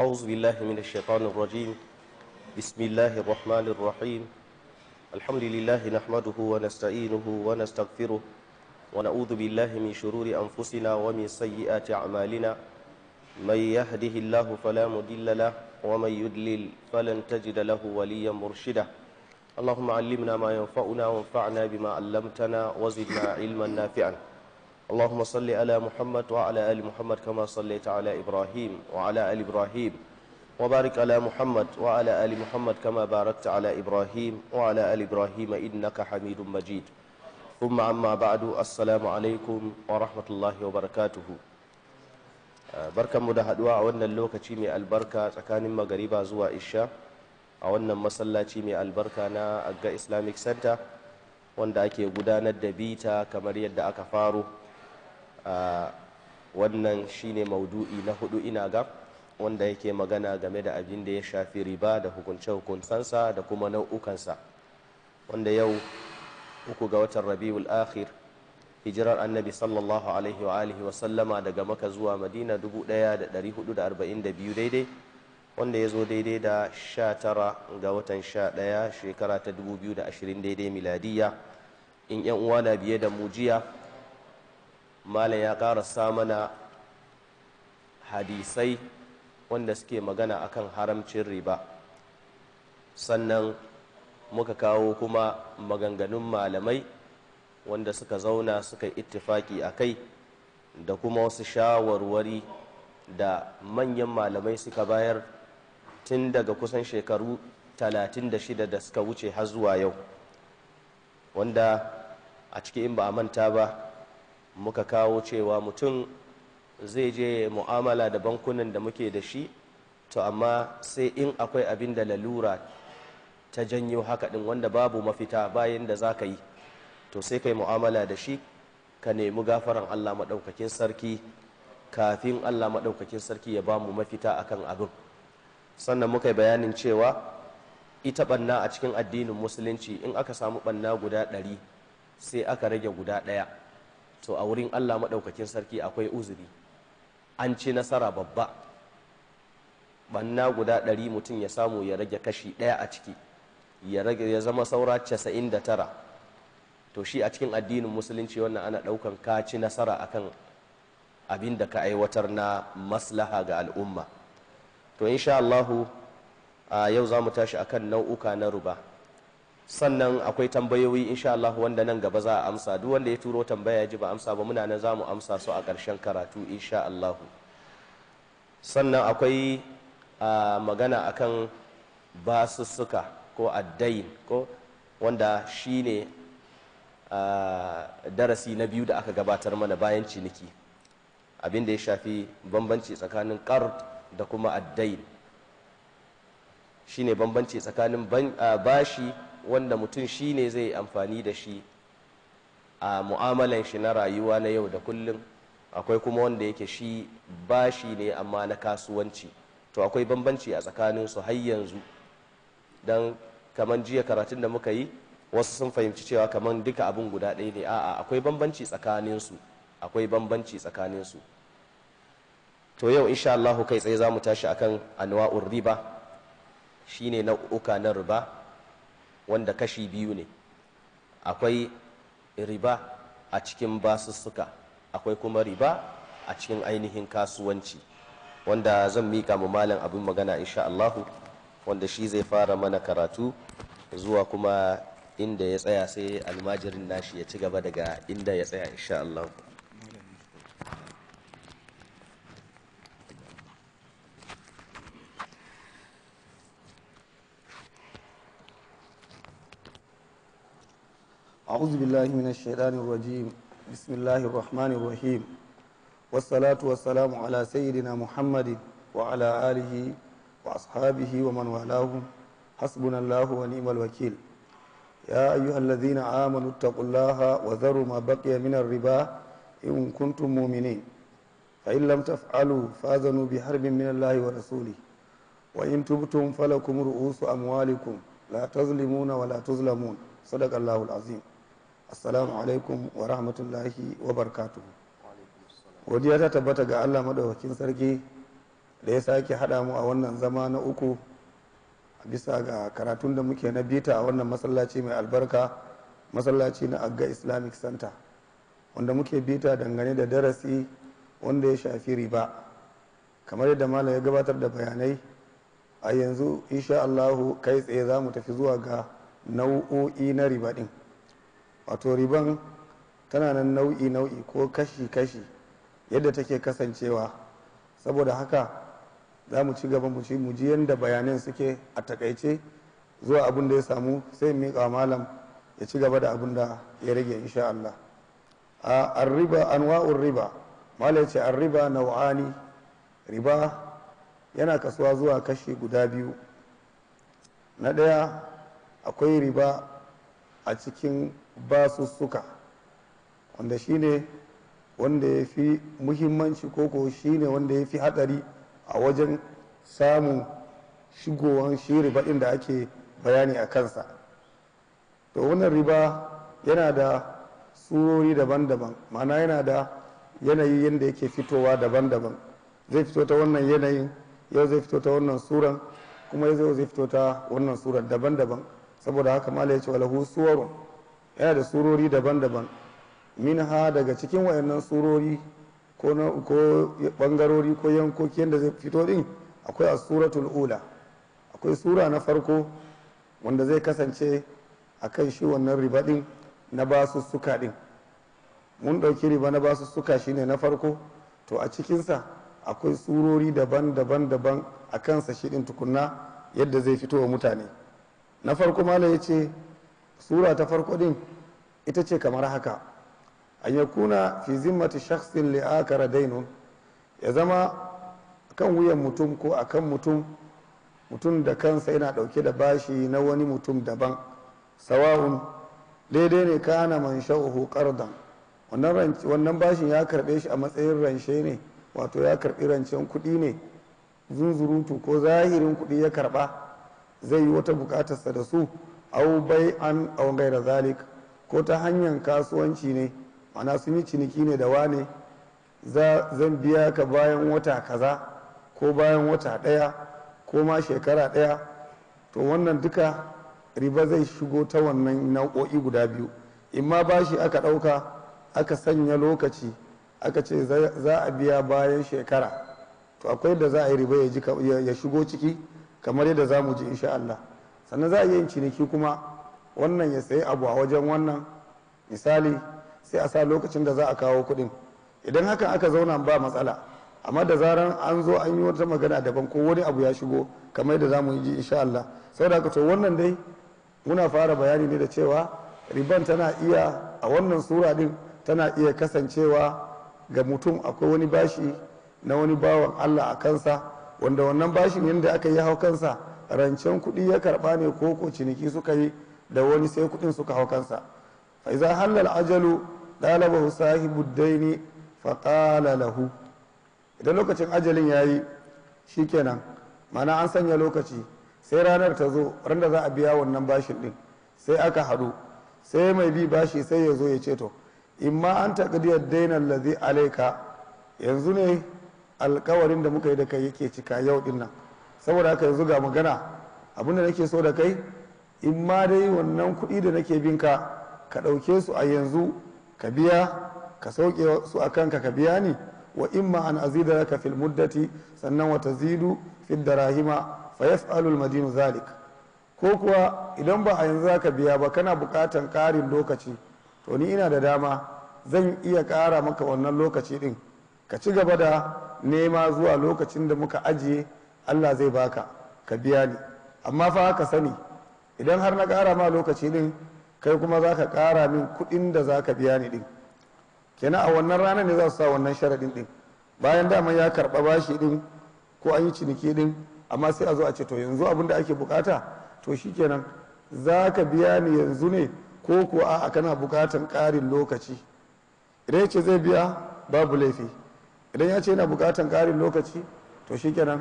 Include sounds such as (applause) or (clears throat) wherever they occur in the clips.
أعوذ بالله من الشيطان الرجيم بسم الله الرحمن الرحيم الحمد لله نحمده ونستعينه ونستغفره ونعوذ بالله من شرور أنفسنا ومن سيئات أعمالنا من يهده الله فلا مضل له ومن يضلل فلن تجد له وليا مرشدا اللهم علمنا ما ينفعنا وانفعنا بما علمتنا وزدنا علما نافعا اللهم صل على محمد وعلى آل محمد كما صليت على إبراهيم وعلى آل إبراهيم وبارك على محمد وعلى آل محمد كما باركت على إبراهيم وعلى آل إبراهيم إنك حميد مجيد ثم عما بعد السلام عليكم ورحمة الله وبركاته barkanmu da haduwa a wannan lokaci mai albarka tsakanin magariba zuwa isha a wannan masallaci mai albarka na agga islamic center wanda ake gudanar da bita kamar yadda aka faro wannan shine maudu'i na hudu ina ga wanda yake magana game da abin da ya shafi riba da hukunce-hukuncensa da kuma nau'ukansa wanda yau uku ga watan rabiul akhir hijirar annabi sallallahu alaihi wa alihi wa sallama daga maka zuwa madina 1442 daidai wanda ya zo daidai da 19 ga watan 11 shekara ta 2020 daidai miladiya in yan uwa na biye da mujiya. malam ya karasa mana hadisai wanda suke magana akan haramcin riba sannan muka kawo kuma maganganun malamai wanda suka zauna suka yi ittifaki a kai da kuma wasu shawarwari da manyan malamai suka bayar tun daga kusan shekaru 36 da suka wuce har zuwa yau wanda a ciki in ba a manta ba muka kawo cewa mutum zai je mu'amala da bankunan da muke da shi to amma sai in akwai abin da lalura ta janyo haka din wanda babu mafita bayan da za ka yi to sai kai mu'amala da shi ka nemi gafaran allah maɗaukakin sarki kafin allah maɗaukakin sarki ya bamu mu mafita akan abin sannan muka yi bayanin cewa ita ɓanna a cikin addinin musulunci in aka samu ɓanna guda ɗari sai aka rage guda ɗaya to a wurin Allah maɗaukakin sarki akwai uzuri an ci nasara babba banna guda ɗari mutum ya samu ya rage kashi ɗaya a ciki ya zama saura casa'in da tara to shi a cikin addinin musulunci wannan ana ɗaukan ka ci nasara akan abin da ka aiwatar na maslaha ga al'umma to insha Allahu a yau za mu tashi akan nau'uka na ruba sannan akwai tambayoyi insha Allah wanda nan gaba za a amsa duk wanda ya turo tambaya ya ji ba amsa ba muna nan za mu amsa su a ƙarshen karatu insha Allah sannan akwai magana akan basussuka ko addain ko wanda shine ne darasi na biyu da aka gabatar mana bayan ciniki abin da ya shafi bambanci tsakanin qard da kuma addain shine ne bambanci tsakanin bashi wanda mutum shi ne zai amfani da shi a mu'amalan shi na rayuwa na yau da kullum akwai kuma wanda yake shi bashi ne amma na kasuwanci to akwai bambanci a tsakanin su har yanzu don kamar jiya karatun da muka yi wasu sun fahimci cewa kamar duka abin guda ɗaya ne a'a akwai bambanci tsakanin su akwai bambanci tsakanin su to yau insha kai tsaye za mu tashi akan anwa'ur riba shine uka na riba wanda kashi biyu ne akwai riba a cikin basussuka akwai kuma riba a cikin ainihin kasuwanci wanda zan mika mu malam abin magana insha Allahu wanda shi zai fara mana karatu zuwa kuma inda ya tsaya sai almajirin nashi ya ci gaba daga inda ya tsaya insha Allahu أعوذ بالله من الشيطان الرجيم بسم الله الرحمن الرحيم والصلاة والسلام على سيدنا محمد وعلى آله وأصحابه ومن والاه حسبنا الله ونعم الوكيل يا أيها الذين آمنوا اتقوا الله وذروا ما بقي من الربا إن كنتم مؤمنين فإن لم تفعلوا فآذنوا بحرب من الله ورسوله وإن تبتم فلكم رؤوس أموالكم لا تظلمون ولا تظلمون صدق الله العظيم assalamu alaikum wa rahmatullahi wa barkatu. godiya ta tabbata ga allah maɗaukin sarki da ya sake haɗa mu a wannan zama na uku a bisa ga karatun da muke na bita a wannan masallaci mai albarka masallaci na agga islamic center wanda muke bita dangane da darasi wanda ya shafi riba kamar yadda malam ya gabatar da bayanai a yanzu insha allahu kai tsaye za mu tafi zuwa ga nau'o'i na riba ɗin wato riban tana nan nau'i nau'i ko kashi kashi yadda take kasancewa saboda haka za mu ci gaba mu ci mu ji yadda bayanan suke a takaice zuwa abin da ya samu sai miƙa malam ya ci gaba da abin da ya rage insha Allah a arriba anwa'ur riba malai ce arriba nau'ani riba yana kasuwa zuwa kashi guda biyu na ɗaya akwai riba a cikin basussuka wanda shi ne wanda ya fi muhimmanci koko shi ne wanda ya fi hadari a wajen samun shigowar shi riba da ake bayani a kansa to wannan riba yana da surori daban-daban mana yana da yanayi yadda yake fitowa daban-daban zai fito ta wannan yanayin yau zai fito ta wannan suran kuma yau zai fito ta wannan suran daban-daban saboda haka mala ya ce walahu suwarun yana da surori daban-daban minha daga cikin wayannan surori ko ko bangarori ko yankoki yadda zai fito din akwai a suratul ula akwai sura na farko wanda zai kasance a kan shi wannan riba din na suka din mun ɗauki riba na suka shi ne na farko to a cikinsa akwai surori daban-daban daban a kansa shi din tukunna yadda zai fito wa mutane na farko malam ya ce sura ta farko din ita ce kamar haka an kuna fi zimmati shakhsin li'akara dainun ya zama kan wuyan mutum ko akan mutum mutum da kansa yana dauke da bashi na wani mutum daban sawa'un daidai ne kana man sha'uhu qardan wannan bashin ya karbe shi a matsayin ranshe ne wato ya karbi rancen kudi ne zunzurutu ko zahirin kudi ya karba zai yi wata bukatarsa da su au bai an au gaira zalik ko ta hanyar kasuwanci ne ana sun yi ciniki ne da wane zan biya ka bayan wata kaza ko bayan wata ɗaya ko ma shekara ɗaya to wannan duka riba zai shigo ta wannan nau'o'i guda biyu in imma bashi aka ɗauka aka sanya lokaci aka ce za a biya bayan shekara to akwai da za a yi riba ya shigo ciki kamar yadda za mu ji insha Allah sannan za a iya yin ciniki kuma wannan ya sayi abu a wajen wannan misali sai a sa lokacin da za a kawo kuɗin idan haka aka zauna ba matsala amma da zarar an zo an yi wata magana daban ko wani abu ya shigo kamar da za mu yi insha Allah saboda haka to wannan dai muna fara bayani ne da cewa riban tana iya a wannan sura din tana iya kasancewa ga mutum akwai wani bashi na wani bawan Allah a kansa wanda wannan bashin yadda aka yi hau kansa rancen kuɗi ya karɓa ne ko ko ciniki suka yi da wani sai kuɗin suka hau kansa fa iza halal ajalu dalaba sahibu daini fa qala lahu idan lokacin ajalin yayi shikenan mana an sanya lokaci sai ranar ta zo ran za a biya wannan bashin din sai aka haɗu sai mai bi bashi sai ya zo ya ce to imma an taqdiyar daina ladhi alayka yanzu ne alkawarin da muka yi da kai yake cika yau din saboda haka yanzu ga magana abin da nake so da kai in ma dai wannan kuɗi da nake binka ka ka ɗauke su a yanzu ka biya ka sauke su a kanka ka biya ni wa ma an azida ka fil muddati sannan wa zidu fil darahima fa yaf'alu madinu zalik ko kuwa idan ba a yanzu ka biya ba kana buƙatar ƙarin lokaci to ni ina da dama zan iya ƙara maka wannan lokaci ɗin ka ci gaba da nema zuwa lokacin da muka ajiye Allah zai baka ka biya ni amma fa haka sani idan har na ƙara ma lokaci din kai kuma za ka ƙara min kuɗin da za ka biya ni din kenan a wannan ranar ne za su sa wannan sharaɗin din bayan daman ya karɓa bashi din ko an yi ciniki din amma sai a zo a ce to yanzu abin da ake bukata to shi kenan za ka biya ni yanzu ne ko kuwa a'a kana bukatan ƙarin lokaci idan ya ce zai biya babu laifi idan ya ce yana bukatan ƙarin lokaci to shi kenan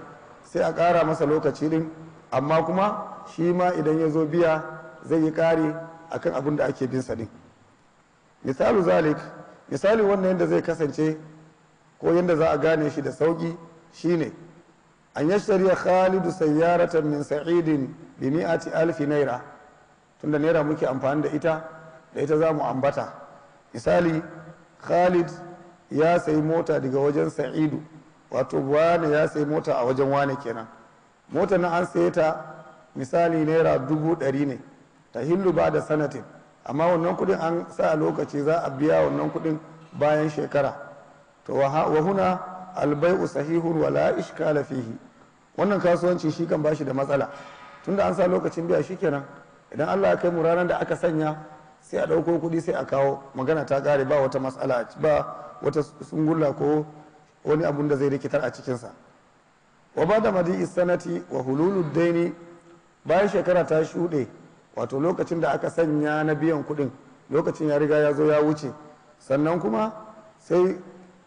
sai a ƙara masa lokaci din amma kuma shi ma idan ya zo biya zai yi ƙari akan abin da ake binsa sadin misali zalik misali wannan yadda zai kasance ko yadda za a gane shi da sauƙi shine an shari'a khalidu sayyaratan min sa'idin bi mi'ati alfi naira tunda naira muke amfani da ita da ita za mu ambata misali khalid ya sayi mota daga wajen sa'idu wato wane ya sayi mota a wajen wane kenan mota na an saye ta misali naira dubu ɗari ne ta hillu ba da sanatin amma wannan kudin an sa a lokaci za a biya wannan kudin bayan shekara to wa huna albai'u sahihun wala ishkala fihi wannan kasuwanci shi kan bashi da matsala tunda an sa lokacin biya shi kenan idan Allah ya kai mu ranar da aka sanya sai a ɗauko kudi sai a kawo magana ta ƙare ba wata matsala ba wata sungulla ko wani abun da zai rikitar a cikinsa wa ba da madi sanati wa hululu daini bayan shekara ta shuɗe wato lokacin da aka sanya na biyan kuɗin lokacin ya riga ya zo ya wuce sannan kuma sai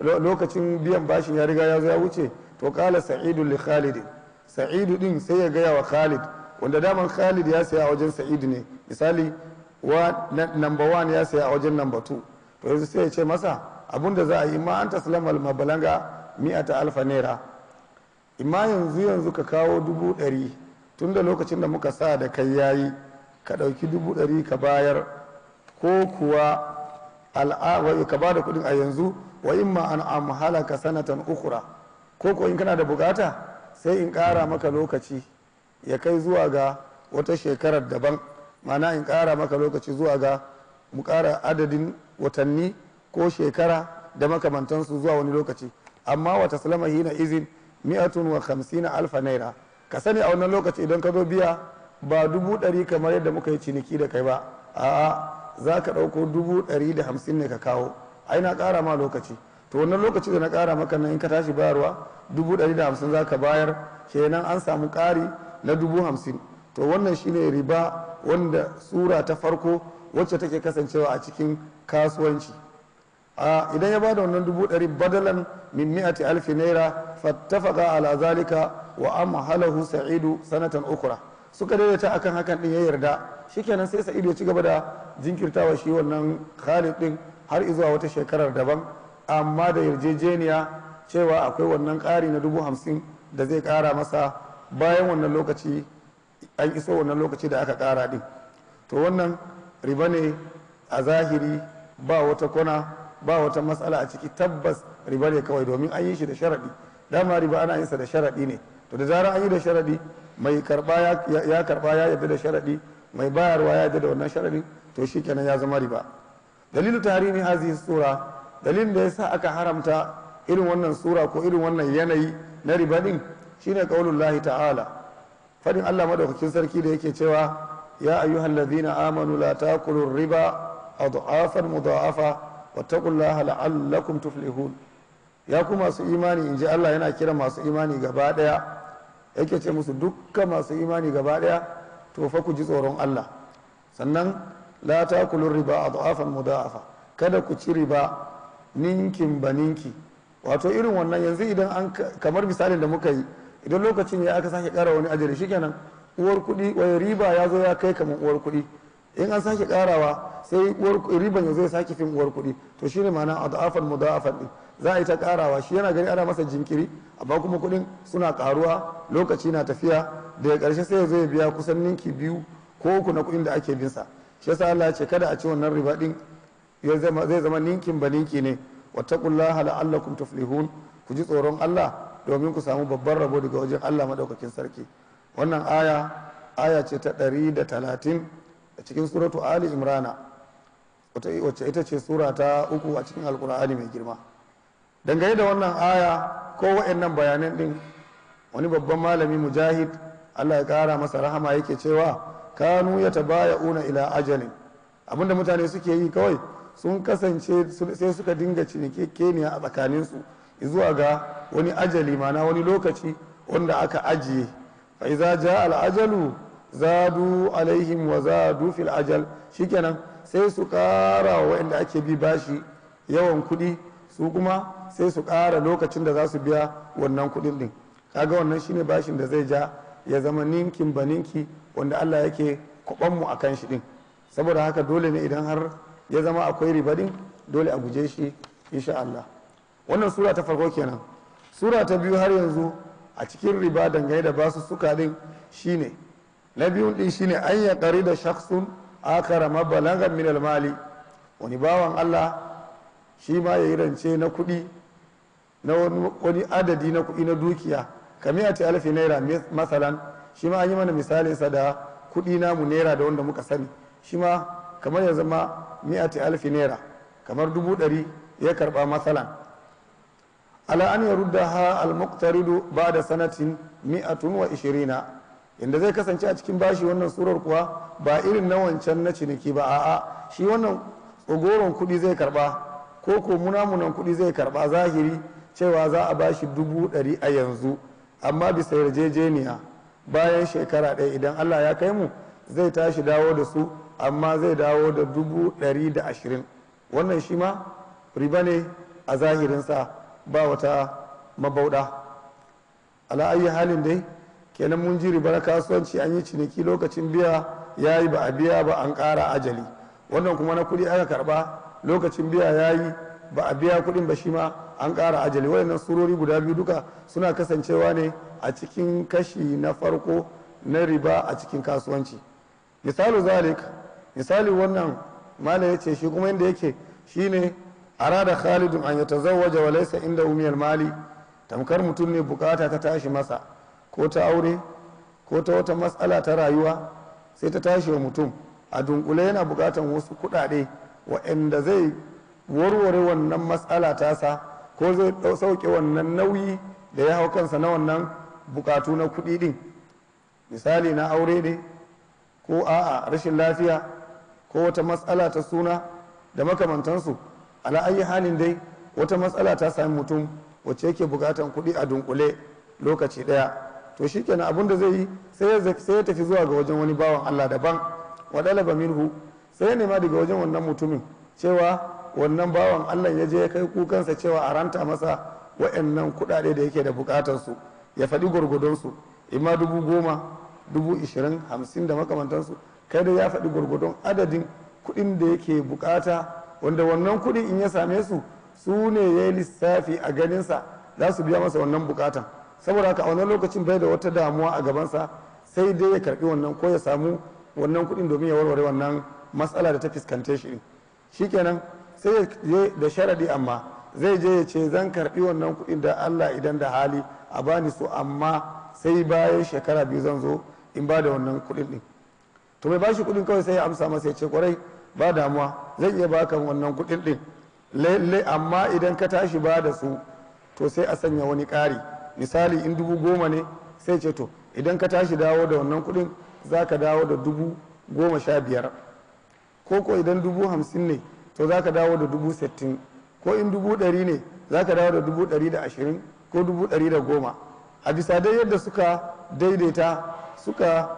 lokacin biyan bashin ya riga ya zo ya wuce to kala sa'idu li khalid sa'idu din sai ya gaya wa khalid wanda daman khalid ya saya a wajen sa'idu ne misali wa number one ya saya a wajen number two to yanzu sai ya ce masa abinda za a yi ma an taslama almabalanga mi'ata alfa naira imma yanzu yanzu ka kawo dubu ɗari tun da lokacin da muka sa da kai yayi ka ɗauki dubu ɗari ka bayar ko kuwa ka ba da kuɗin a yanzu wa imma an ka sanatan ukura ko ko in kana da bukata sai in ƙara maka lokaci ya kai zuwa ga wata shekarar daban mana in ƙara maka lokaci zuwa ga mu ƙara adadin watanni ko shekara da makamantansu zuwa wani lokaci amma wata salama hina izin mi'atun wa hamsina alfa naira ka sani a wannan lokaci idan ka zo biya ba dubu ɗari kamar yadda muka yi ciniki da kai ba a'a za ka ɗauko dubu ɗari da hamsin ne ka kawo ai na ƙara ma lokaci to wannan lokaci da na ƙara maka nan in ka tashi bayarwa dubu ɗari da hamsin za ka bayar kenan an samu ƙari na dubu hamsin to wannan shine riba wanda sura ta farko wacce take kasancewa a cikin kasuwanci a idan ya bada wannan dubu ɗari badalan min mi'ati alfi naira fattafaka ala zalika wa amhalahu sa'idu sanatan ukura suka daidaita akan hakan din ya yarda shikenan sai sa'idu ya ci gaba da jinkirtawa shi wannan khalid din har zuwa wata shekarar daban amma da yarjejeniya cewa akwai wannan ƙari na dubu hamsin da zai ƙara masa bayan wannan lokaci an iso wannan lokaci da aka ƙara din to wannan riba ne a zahiri ba wata kona ba wata matsala a ciki tabbas riba ne kawai domin an yi shi da sharaɗi dama riba ana yin sa da sharaɗi ne to da zarar an yi da sharaɗi mai karba ya karba ya yadda da sharaɗi mai bayarwa ya yadda da wannan sharaɗin to shi kenan ya zama riba dalilu tarihi hazi sura dalilin da yasa aka haramta irin wannan sura ko irin wannan yanayi na riba din shine lahi ta'ala fadin Allah madaukakin sarki da yake cewa ya ayyuhallazina amanu la taqulur riba adafan mudafa wattaqullaha la'allakum tuflihun ya ku masu imani in ji Allah yana kira masu imani gaba daya yake ce musu dukkan masu imani gaba daya to fa ku ji tsoron Allah sannan la takulu riba adhafan mudafa kada ku ci riba ninkin ba ninki wato irin wannan yanzu idan an kamar misalin da muka yi idan lokacin ya aka sake kara wani ajali shikenan uwar kuɗi wani riba ya zo ya kai kamar uwar kuɗi in an sake karawa sai riban ya zai sake fin uwar kuɗi to shine ma'ana mu da'afan din za a yi ta karawa shi yana gani ana masa jinkiri amma kuma kuɗin suna karuwa lokaci na tafiya daga karshe sai zai biya kusan ninki biyu ko uku na kuɗin da ake bin sa shi yasa Allah ya ce kada a ci wannan riba din zai zama ninkin ba ninki ne wattaqullaha la'allakum tuflihun ku ji tsoron Allah domin ku samu babban rabo daga wajen Allah madaukakin sarki wannan aya aya ce ta ɗari da talatin a cikin suratu ali imrana wacce ita ce sura ta uku a cikin alkur'ani mai girma dangane da wannan aya ko wa'annan bayanan din wani babban malami mujahid allah ya kara masa rahama yake cewa kanu ya una ila ajalin abinda mutane suke yi kawai sun kasance sai suka dinga cinikekeniya a tsakaninsu zuwa ga wani ajali mana wani lokaci wanda aka ajiye fa'iza al'ajalu. ja al'ajalu zadu alaihim wa zadu fil ajal shikenan sai su kara wa waɗanda ake bi bashi yawan kudi su kuma sai su kara lokacin da za su biya wannan kudin din kaga wannan shine bashin da zai ja ya zama ninkin ba ninki wanda Allah yake kwaban mu akan shi din saboda haka dole ne idan har ya zama akwai riba din dole a guje shi insha Allah wannan sura ta farko kenan sura ta biyu har yanzu a cikin riba dangane da basu suka din shine na biyun din ne an ya kari da shakhsun akara mabalagan minal mali wani bawan Allah shi ma ya yi rance na kuɗi na wani adadi na kuɗi na dukiya kamiyar ta alfi naira masalan shi ma an yi mana misalinsa da kuɗi namu naira da wanda muka sani shi ma kamar ya zama ta alfi naira kamar dubu ɗari ya karɓa masalan ala an ya rudda ha al-muqtaridu ba da sanatin mi'atun wa ishirina inda zai kasance a cikin bashi wannan surar kuwa ba irin na wancan na ciniki ba a'a shi wannan tsogoron kuɗi zai karba ko ko munamunan kuɗi zai karba zahiri cewa za a bashi dubu ɗari a yanzu amma bisa yarjejeniya bayan shekara ɗaya idan allah ya kai mu zai tashi dawo da su amma zai dawo da dubu ɗari da ashirin wannan shi ma riba ne a zahirinsa ba wata mabauɗa ala halin dai kenan mun ji ribar kasuwanci an yi ciniki lokacin biya ya yi ba a biya ba an ƙara ajali wannan kuma na kuɗi aka karba lokacin biya ya yi ba a biya kuɗin ba shi ma an ƙara ajali wayannan surori guda biyu duka suna kasancewa ne a cikin kashi na farko na riba a cikin kasuwanci misali zalik misali wannan malam ya ce shi kuma inda yake shine arada khalidun an yatazawwaja wa laysa inda umiyal mali tamkar mutum ne bukata ta tashi masa ko ta aure ko ta wata matsala ta rayuwa sai ta tashi wa mutum a dunkule yana bukatan wasu kuɗaɗe waɗanda zai warware wannan matsala ta sa ko zai sauke wannan nauyi da ya hau kansa na wannan bukatu na kuɗi din misali na aure ne ko a'a rashin lafiya ko wata matsala ta suna da makamantansu ala ayi halin dai wata matsala ta sami mutum wacce yake bukatan kuɗi a dunkule lokaci ɗaya to shikenan abin da zai yi sai ya tafi zuwa ga wajen wani bawan Allah daban wa dalaba minhu sai ya nema daga wajen wannan mutumin cewa wannan bawan Allah ya je ya kai kukansa cewa a ranta masa wa'annan kuɗaɗe da yake da bukatar su ya faɗi gwargwadonsu su imma dubu goma dubu ishirin hamsin da makamantansu kai da ya faɗi gwargwadon adadin kuɗin da yake buƙata wanda wannan kuɗin in ya same su su ne ya yi lissafi a ganinsa za su biya masa wannan bukatan saboda haka a wannan lokacin bai da wata damuwa a gabansa sai dai ya karbi wannan ko ya samu wannan kuɗin domin ya warware wannan matsala da ta fuskante shi shikenan sai ya da sharadi amma zai je ya ce zan karbi wannan kuɗin da Allah idan da hali a bani su amma sai bayan shekara biyu zan zo in ba da wannan kuɗin din to mai bashi kuɗin kawai sai ya amsa masa ya ce kwarai ba damuwa zan iya baka wannan kuɗin din lalle amma idan ka tashi ba da su to sai a sanya wani ƙari misali in dubu goma ne sai ce to idan ka tashi dawo da wannan kuɗin za ka dawo da dubu goma sha biyar ko ko idan dubu hamsin ne to za ka dawo da dubu sittin ko in dubu ɗari ne za ka dawo da dubu ɗari da ashirin ko dubu ɗari da goma a bisa dai yadda suka daidaita suka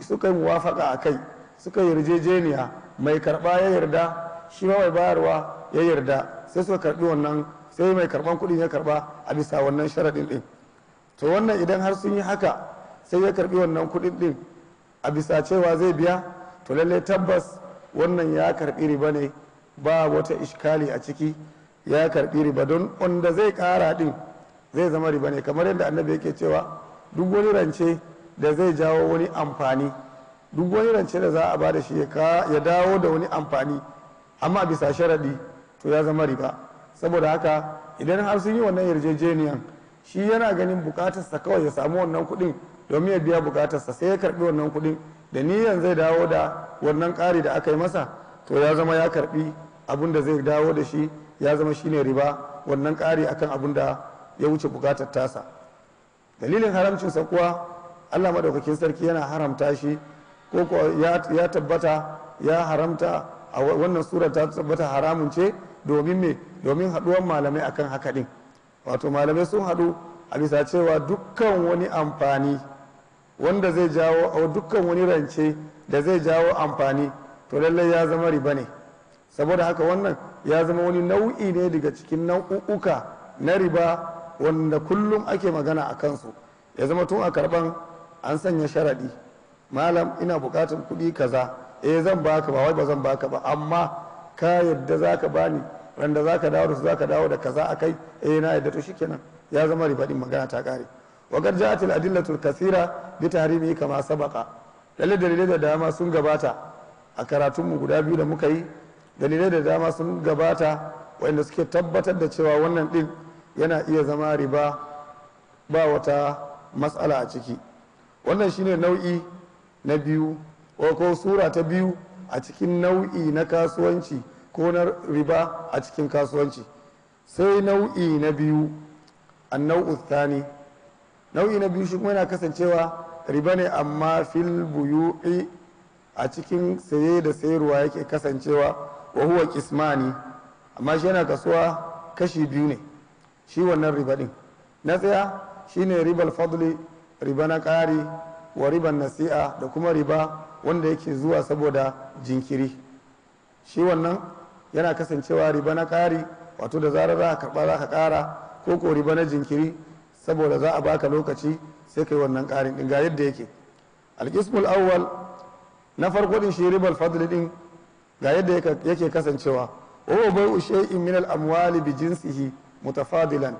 suka yi muwafaka a kai suka yarjejeniya mai karɓa ya yarda shi ma mai bayarwa ya yarda sai suka karɓi wannan sai mai karban kuɗin ya karba a bisa wannan sharaɗin ɗin to wannan idan har sun yi haka sai ya karbi wannan kuɗin ɗin a bisa cewa zai biya to lallai tabbas wannan ya karbi riba ne ba wata iskali a ciki ya karbi riba don wanda zai kara ɗin zai zama riba ne kamar yadda annabi yake cewa duk wani rance da zai jawo wani amfani duk wani rance da za a ba da shi ya dawo da wani amfani amma bisa sharaɗi to ya zama riba saboda haka idan har sun yi wannan yarjejeniyan shi yana ganin bukatarsa kawai ya samu wannan kuɗin domin ya biya bukatarsa sai ya karbi wannan kuɗin da niyan zai dawo da wannan kari da aka yi masa to ya zama ya karbi abin da zai dawo da shi ya zama shi ne riba wannan kari akan abin da ya wuce bukatar tasa dalilin haramcin sa kuwa Allah madaukakin sarki yana haramta shi ko ya tabbata ya haramta a wannan sura ta tabbata haramun ce domin me domin haɗuwar malamai akan haka ɗin wato malamai sun haɗu a bisa cewa dukkan wani amfani wanda zai jawo a dukkan wani rance da zai jawo amfani to lallai ya zama riba ne saboda haka wannan ya zama wani nau'i ne daga cikin nau'uka na riba wanda kullum ake magana a kansu ya zama tun a karban an sanya sharaɗi malam ina buƙatar kuɗi kaza eh zan baka ba wai ba zan baka ba amma ka yadda za ka bani randa za ka dawo da su za ka dawo da kaza a kai eh na yadda to shikenan ya zama ribaɗin magana ta ƙare wa garja'atil adillatul kasira bi tahrimi kama sabaka lalle dalilai da dama sun gabata a karatunmu guda biyu da muka yi dalilai da dama sun gabata wanda suke tabbatar da cewa wannan din yana iya zama riba ba wata matsala a ciki wannan shine nau'i na biyu ko sura ta biyu a cikin nau'i na kasuwanci ko na riba a cikin kasuwanci sai nau'i na biyu annau'u tani nau'i na biyu shi kuma yana kasancewa riba ne amma fil buyu'i a cikin saye da sayarwa yake kasancewa wa huwa kismani amma shi yana kasuwa kashi biyu ne shi wannan riba din na tsaya shine ribar fadli riba na ƙari wa riban nasi'a da kuma riba wanda yake zuwa saboda jinkiri shi wannan yana kasancewa riba na ƙari wato da zarar za ka karɓa za ka ƙara ko ko riba na jinkiri saboda za a baka lokaci sai kai wannan ƙarin ɗin ga yadda yake alƙismul awwal na farko din shi ribal fadli din ga yadda yake kasancewa wa bai'u shay'in min al-amwali bi jinsihi mutafadilan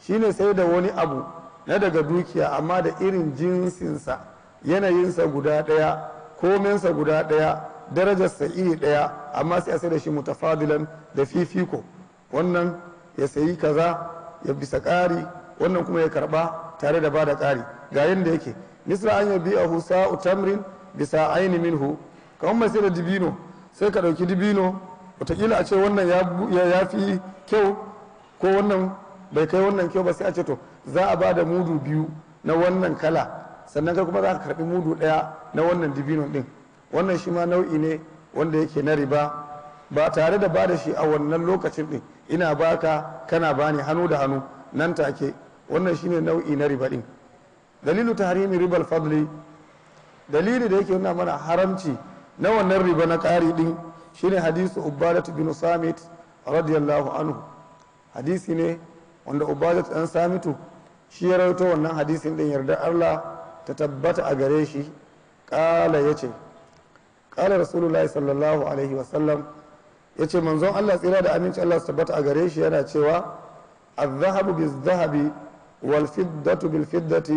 shine sai da wani abu na daga dukiya amma da irin jinsinsa yanayinsa guda ɗaya komensa guda ɗaya darajar sa iri daya amma sai a sai da shi mutafadilan da fifiko wannan ya sayi kaza ya bisa ƙari wannan kuma ya karba tare da bada ƙari ga yadda yake misra an yabi a husa utamrin bisa aini minhu kamar mai sai da dibino sai ka ɗauki dibino watakila a ce wannan ya fi kyau ko wannan bai kai wannan kyau ba sai a ce to za a ba da mudu biyu na wannan kala sannan kai kuma za ka karbi mudu ɗaya na wannan dibino ɗin wannan shi ma nau'i ne wanda yake na riba ba tare da ba da shi a wannan lokacin din ina baka kana bani hannu da hannu nan take wannan shi ne nau'i na riba din dalilu ta harimi ribar fadli dalili da yake nuna mana haramci na wannan riba na ƙari din shine hadisu ubadat bin samit radiyallahu anhu hadisi ne wanda ubadat ɗan samitu shi ya rawaito wannan hadisin din yarda Allah ta tabbata a gare shi ya ce. kala rasulullahi sallallahu alaihi wasallam ya ce manzon allah tsira da aminci allah su tabbata a gare shi yana cewa الذهب بالذهب والفضة بالفضة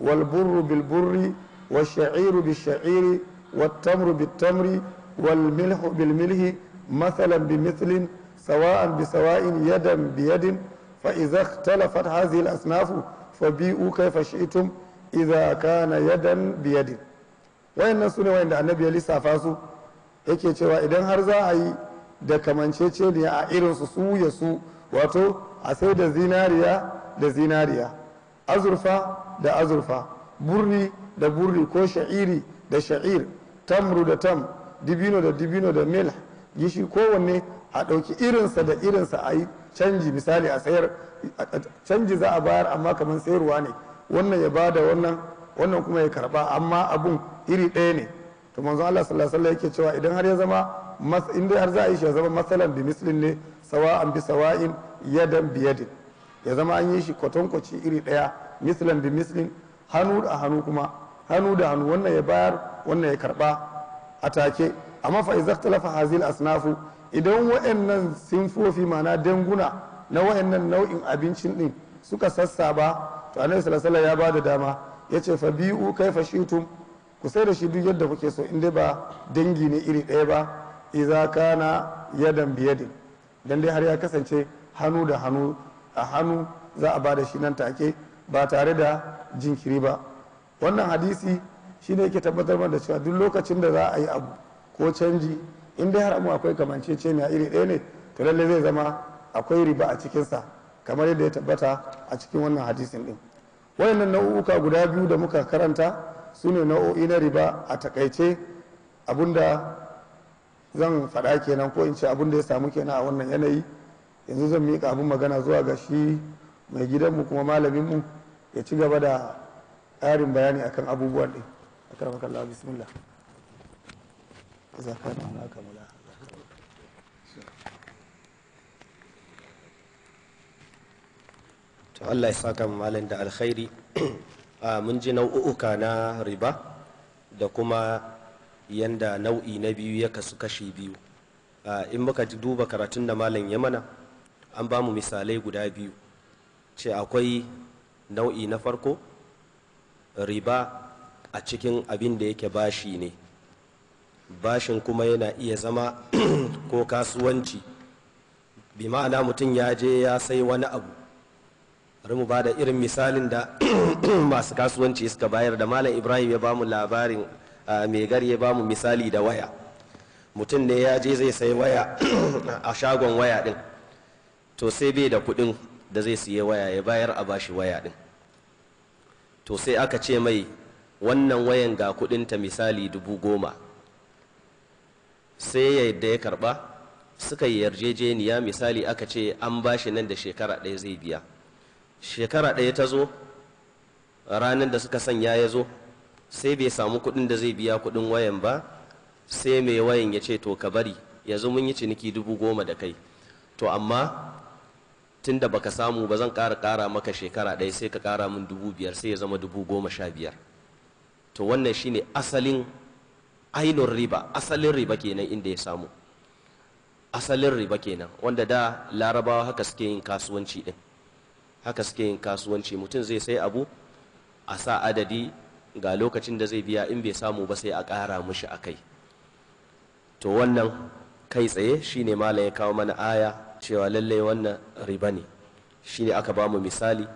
والبر بالبر والشعير بالشعير والتمر بالتمر والملح بالملح مثلا بمثل سواء بسواء يدا بيد فإذا اختلفت هذه الأصناف فبيئوا كيف شئتم إذا كان يدا بيد wayannan su ne wayanda annabi ya lissafa su yake cewa idan har za a yi da kamanceceniya a irinsu su ya su wato a sai da zinariya da zinariya azurfa da azurfa burni da burni ko sha'iri da sha'ir tamru da tam dibino da dibino da mil gishi kowanne a ɗauki irinsa da irinsa a yi canji misali a sayar canji za a bayar amma kamar sayarwa ne wannan ya bada wannan wannan kuma ya karba amma abun iri ɗaya ne to manzo Allah sallallahu alaihi wasallam yake cewa idan har ya zama in dai har za a yi shi ya zama masalan bi mislin ne sawa'an bi sawa'in yadan bi yadin ya zama an yi shi kwatankwaci iri ɗaya mislan bi mislin hannu da hannu kuma hannu da hannu wannan ya bayar wannan ya karba a take amma fa iza talafa hazil asnafu idan wa'annan sinfofi ma'ana danguna na wayannan nau'in abincin din suka sassaba to annabi sallallahu alaihi wasallam ya bada dama ya ce fa biyu kai fa tun ku sai da shi duk yadda kuke so in dai ba dangi ne iri ɗaya ba iza kana yadan biyadin dan dai har ya kasance hannu da hannu a hannu za a bada shi nan take ba tare da jinkiri ba wannan hadisi shine yake tabbatar da cewa duk lokacin da za a yi abu ko canji in dai har abu akwai kamance kamanceceniya iri ɗaya ne to lallai zai zama akwai riba a cikinsa kamar yadda ya tabbata a cikin wannan hadisin din wayannan nau'uka guda biyu da muka karanta su ne nau'o'i na riba a takaice abinda zan faɗa kenan ko in ce abinda ya samu kenan a wannan yanayi yanzu zan miƙa abin magana zuwa ga shi mai gidanmu kuma malaminmu ya ci gaba da ƙarin bayani akan abubuwan ɗin a bismillah to Allah ya saka malam da alkhairi (clears throat) ah, mun ji nau'uka na riba da kuma yanda nau'i na biyu ya kasu kashi biyu ah, in muka duba karatun da malam ya mana an ba mu misalai guda biyu ce akwai nau'i na farko riba a cikin abin da yake bashi ne bashin kuma yana iya zama (clears throat) ko kasuwanci bi ma'ana mutum ya je ya sai wani abu bari mu ba da irin misalin da (clears throat) masu kasuwanci suka bayar da malam ibrahim ya bamu labarin mai gari ya bamu misali da waya mutum ne ya je zai sai waya (clears throat) a shagon waya din to sai bai da kuɗin da zai siye waya ya bayar a bashi waya din to sai aka ce mai wannan wayan ga ta misali dubu goma sai yadda ya karba suka yi yarjejeniya misali aka ce an bashi nan da shekara ɗaya zai biya shekara ɗaya ta zo ranar da suka sanya ya zo sai bai samu kuɗin da zai biya kuɗin wayan ba sai mai wayan ya ce to ka bari yanzu mun yi ciniki dubu goma da kai to amma tun da baka samu ba zan ƙara ƙara maka shekara ɗaya sai ka ƙara min dubu biyar sai ya zama dubu goma sha biyar to wannan shine asalin ainihin riba asalin riba kenan inda ya samu asalin riba kenan wanda da larabawa haka suke yin kasuwanci din. haka suke yin kasuwanci mutum zai sai abu a sa adadi ga lokacin da zai biya in bai samu ba sai a ƙara mushi a kai to wannan kai tsaye shine malam ya kawo mana aya cewa lallai wannan riba ne ne aka ba mu misali